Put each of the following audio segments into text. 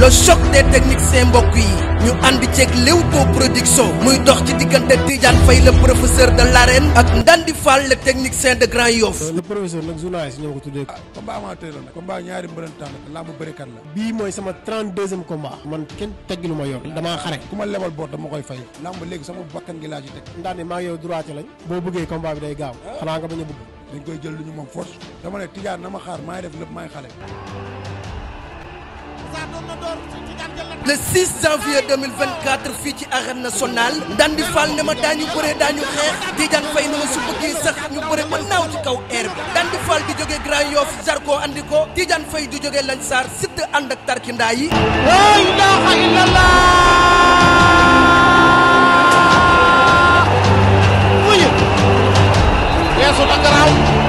le choc des techniques seen mbokk yi ñu ànd ceeg Leewtoo production muy dox ci diggante Tidiane Faye le professeur de l'arène ak Ndandi Fall le technicien de Grand Yoff. Euh, le professeur nag journaliste ñoo ko tuddee. ah combat amateur la nag. combat ñaari mbërëntaan la làmb bërikat la. bii mooy sama 32e combat. man kenn teggi lu ma yor damaa xare. ku ma lebal boot dama koy fay. làmb léegi sama bakkan gi laa ci teg. Ndandi maa ngi yow droit lañ. boo bëggee combat bi day gaaw. Ah. xanaa nga bañ a bëgg. dañ koy jël lu ñu moom force. dama ne Tidiane ma xaar maa ngi le 6 janvier 2024 fii ci arène nationale Ndandi Fall ne ma daañu bëree daañu xeex Tidiane Faye ne ma su bëggee sax ñu bëre ba naaw ci kaw air bi Ndandi Fall di jógee Grand Yoff Zarko andi ko Tidiane di jógee Lansar Siteu ànd ak tarkindaa yi laa ilaaha illallaah weesu na garaaw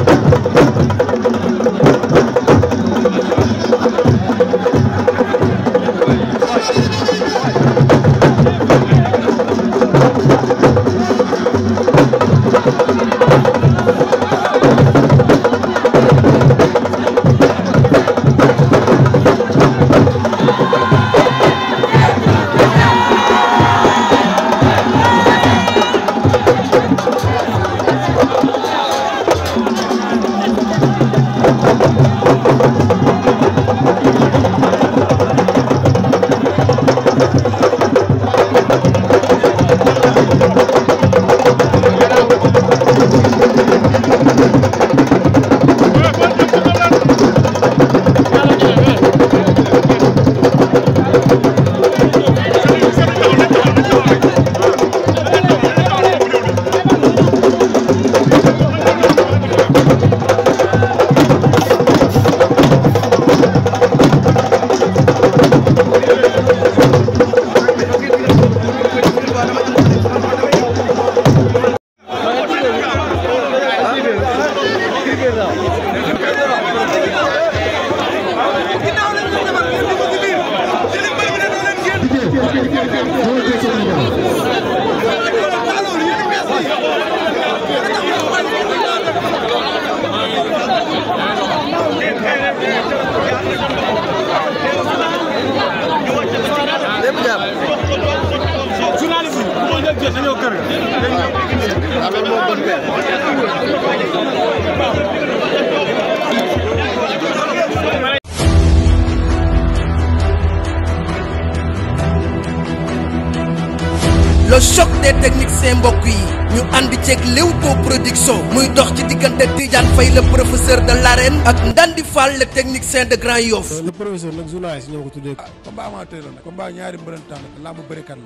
Le choc des techniques see mbokk yi ñu ànd ceeg Leewtoo production muy dox ci diggante Tidiane Faye le professeur de l'arène ak Ndandi Fall le technicien de Grand Yoff. Euh, le professeur nag journaliste ñoo ko tuddee. ah combat amateur la nag. combat ñaari mbërëntaan la làmb bërikat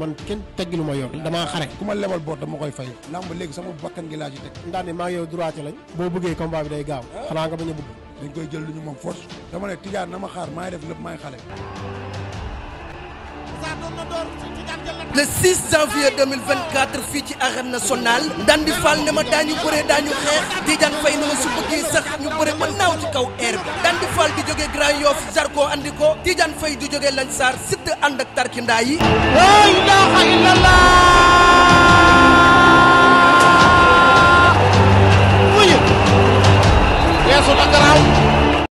man kenn teggilu ma yor damaa xare. ku ma lebal boot dama koy fay. làmb léegi sama bakkan gi laa ci teg. Ndandi maa ngi yow droit lañ. boo bëggee combat bi day gaaw. Ah. xanaa nga bañ a bëgg. dañ koy jël lu ñu moom force. dama ne Tidiane na ma xaar maa le 6 janvier fii ci arène nationale Ndandi Fall ne ma daañu bëree daañu xeex Tidiane Faye ne ma su bëggee sax ñu bëre ba naaw ci kaw air bi Ndandi Fall di jógee Grand Yoff Zarko andi ko Tidiane di jógee Lansar Siteu ànd ak tarkindaa yi laa ilaaha illallaah